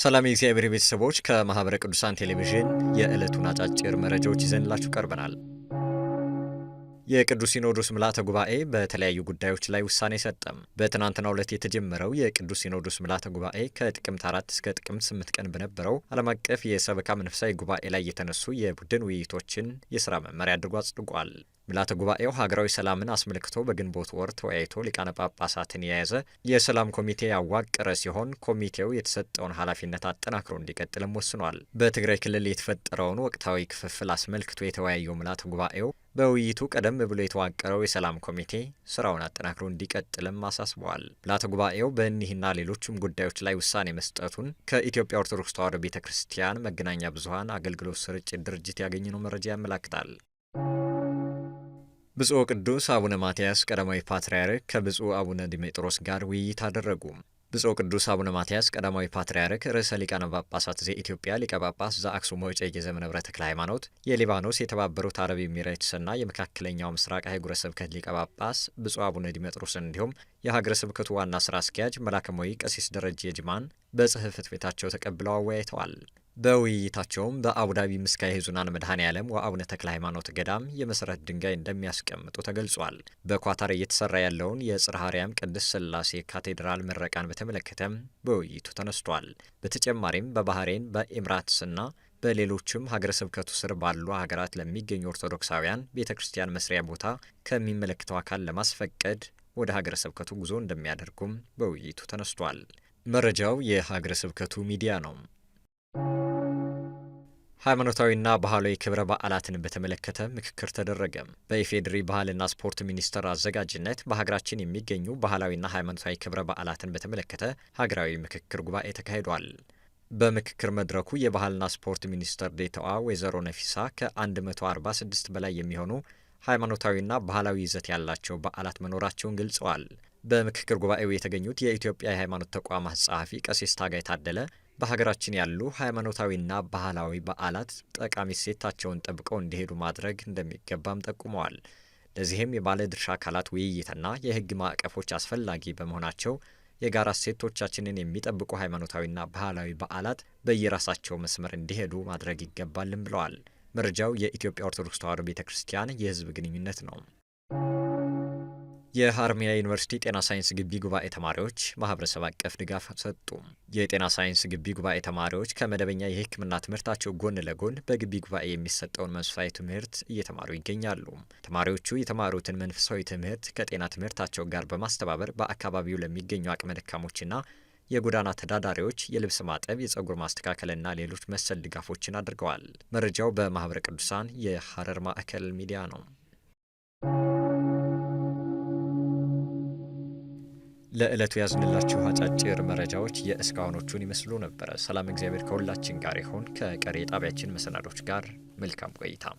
ሰላም የእግዚአብሔር ቤተሰቦች፣ ከማኅበረ ቅዱሳን ቴሌቪዥን የዕለቱን አጫጭር መረጃዎች ይዘንላችሁ ቀርበናል። የቅዱስ ሲኖዶስ ምልዓተ ጉባኤ በተለያዩ ጉዳዮች ላይ ውሳኔ ሰጠም። በትናንትናው ዕለት የተጀመረው የቅዱስ ሲኖዶስ ምልዓተ ጉባኤ ከጥቅምት አራት እስከ ጥቅምት ስምንት ቀን በነበረው ዓለም አቀፍ የሰበካ መንፈሳዊ ጉባኤ ላይ የተነሱ የቡድን ውይይቶችን የስራ መመሪያ አድርጎ አጽድቋል። ምልዓተ ጉባኤው ሀገራዊ ሰላምን አስመልክቶ በግንቦት ወር ተወያይቶ ሊቃነ ጳጳሳትን የያዘ የሰላም ኮሚቴ ያዋቀረ ሲሆን ኮሚቴው የተሰጠውን ኃላፊነት አጠናክሮ እንዲቀጥልም ወስኗል። በትግራይ ክልል የተፈጠረውን ወቅታዊ ክፍፍል አስመልክቶ የተወያየው ምልዓተ ጉባኤው በውይይቱ ቀደም ብሎ የተዋቀረው የሰላም ኮሚቴ ስራውን አጠናክሮ እንዲቀጥልም አሳስበዋል። ምልዓተ ጉባኤው በእኒህና ሌሎችም ጉዳዮች ላይ ውሳኔ መስጠቱን ከኢትዮጵያ ኦርቶዶክስ ተዋሕዶ ቤተ ክርስቲያን መገናኛ ብዙኃን አገልግሎት ስርጭት ድርጅት ያገኘነው መረጃ ያመላክታል። ብፁዕ ቅዱስ አቡነ ማትያስ ቀዳማዊ ፓትርያርክ ከብፁዕ አቡነ ዲሜጥሮስ ጋር ውይይት አደረጉ። ብፁዕ ቅዱስ አቡነ ማትያስ ቀዳማዊ ፓትርያርክ ርዕሰ ሊቃነ ጳጳሳት ዘኢትዮጵያ ሊቀ ጳጳስ ዘአክሱም ወዕጨጌ ዘመንበረ ተክለ ሃይማኖት፣ የሊባኖስ የተባበሩት አረብ ኤሚሬትስና የመካከለኛው ምስራቅ አህጉረ ስብከት ሊቀ ጳጳስ ብፁዕ አቡነ ዲሜጥሮስ እንዲሁም የሀገረ ስብከቱ ዋና ስራ አስኪያጅ መላከ ሞይ ቀሲስ ደረጀ ጅማን በጽሕፈት ቤታቸው ተቀብለው አወያይተዋል። በውይይታቸውም በአቡዳቢ ምስካየ ኅዙናን መድኃኔ ዓለም ወአቡነ ተክለ ሃይማኖት ገዳም የመሰረት ድንጋይ እንደሚያስቀምጡ ተገልጿል። በኳታር እየተሰራ ያለውን የጽርሐ አርያም ቅድስት ሥላሴ ካቴድራል ምረቃን በተመለከተም በውይይቱ ተነስቷል። በተጨማሪም በባህሬን በኤምራትስና በሌሎችም ሀገረ ስብከቱ ስር ባሉ ሀገራት ለሚገኙ ኦርቶዶክሳውያን ቤተ ክርስቲያን መስሪያ ቦታ ከሚመለከተው አካል ለማስፈቀድ ወደ ሀገረ ስብከቱ ጉዞ እንደሚያደርጉም በውይይቱ ተነስቷል። መረጃው የሀገረ ስብከቱ ሚዲያ ነው። ሃይማኖታዊና ባህላዊ ክብረ በዓላትን በተመለከተ ምክክር ተደረገ። በኢፌዴሪ ባህልና ስፖርት ሚኒስቴር አዘጋጅነት በሀገራችን የሚገኙ ባህላዊና ሃይማኖታዊ ክብረ በዓላትን በተመለከተ ሀገራዊ ምክክር ጉባኤ ተካሂዷል። በምክክር መድረኩ የባህልና ስፖርት ሚኒስቴር ዴኤታዋ ወይዘሮ ነፊሳ ከ146 በላይ የሚሆኑ ሃይማኖታዊና ባህላዊ ይዘት ያላቸው በዓላት መኖራቸውን ገልጸዋል። በምክክር ጉባኤው የተገኙት የኢትዮጵያ የሃይማኖት ተቋማት ጸሐፊ ቀሲስ ታጋይ ታደለ በሀገራችን ያሉ ሃይማኖታዊና ባህላዊ በዓላት ጠቃሚ እሴታቸውን ጠብቀው እንዲሄዱ ማድረግ እንደሚገባም ጠቁመዋል። ለዚህም የባለድርሻ አካላት ውይይትና የህግ ማዕቀፎች አስፈላጊ በመሆናቸው የጋራ እሴቶቻችንን የሚጠብቁ ሃይማኖታዊና ባህላዊ በዓላት በየራሳቸው መስመር እንዲሄዱ ማድረግ ይገባልም ብለዋል። መረጃው የኢትዮጵያ ኦርቶዶክስ ተዋሕዶ ቤተ ክርስቲያን የህዝብ ግንኙነት ነው። የሀርሚያ ዩኒቨርሲቲ ጤና ሳይንስ ግቢ ጉባኤ ተማሪዎች ማህበረሰብ አቀፍ ድጋፍ ሰጡ። የጤና ሳይንስ ግቢ ጉባኤ ተማሪዎች ከመደበኛ የሕክምና ትምህርታቸው ጎን ለጎን በግቢ ጉባኤ የሚሰጠውን መንፈሳዊ ትምህርት እየተማሩ ይገኛሉ። ተማሪዎቹ የተማሩትን መንፈሳዊ ትምህርት ከጤና ትምህርታቸው ጋር በማስተባበር በአካባቢው ለሚገኙ አቅመ ደካሞችና የጎዳና ተዳዳሪዎች የልብስ ማጠብ፣ የጸጉር ማስተካከልና ሌሎች መሰል ድጋፎችን አድርገዋል። መረጃው በማህበረ ቅዱሳን የሀረር ማዕከል ሚዲያ ነው። ለዕለቱ ያዝንላችሁ አጫጭር መረጃዎች የእስካሁኖቹን ይመስሉ ነበረ። ሰላም፣ እግዚአብሔር ከሁላችን ጋር ይሆን። ከቀሪ ጣቢያችን መሰናዶች ጋር መልካም ቆይታ